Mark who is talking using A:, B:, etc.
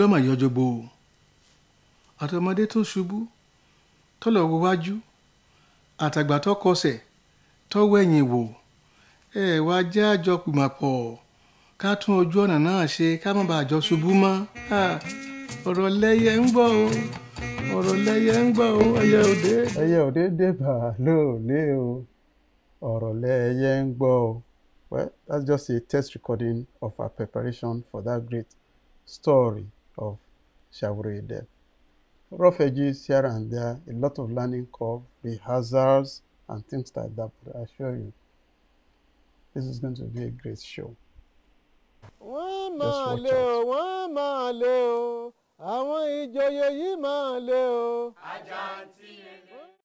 A: ọ̀dọ́ mà yọjọgbó àtọmọdé tó ṣubú tọ́lọ̀ wájú àtàgbà tó kọsẹ̀ tọ́wọ́ ẹ̀yìn wò ẹ wá jẹ́ àjọ pìmọ̀pọ̀ ká tún ojú ọ̀nà náà ṣe ká má bàa jọ ṣubú mọ́ ọ̀rọ̀ lẹ́yẹ ń bọ̀ o ọ̀rọ̀ lẹ́yẹ ń bọ̀ o ẹyẹ òde. ẹyẹ
B: òde dé bà lóòlé o ọ̀rọ̀ lẹ́yẹ ń gbọ́ o. Well, that's just a test recording of our preparation for that great story of Shaburi Deb. Refugees here and there, a lot of learning curve, hazards and things like that, but I assure you, this is going to be a great show.
A: Just watch out.